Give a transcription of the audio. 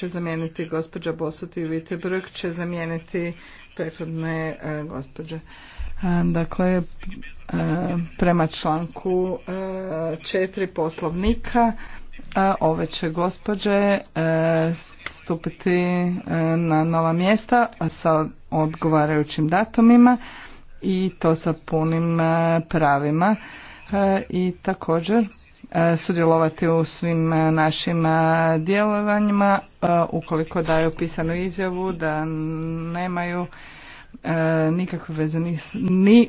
će zamijeniti gospođa Bosut i Vitebrg će zamijeniti prethodne e, gospođe. Dakle, e, prema članku e, četiri poslovnika ove će gospođe stupiti na nova mjesta sa odgovarajućim datumima i to sa punim pravima i također E, sudjelovati u svim e, našim e, djelovanjima ukoliko daju pisanu izjavu da nemaju nikakve veze ni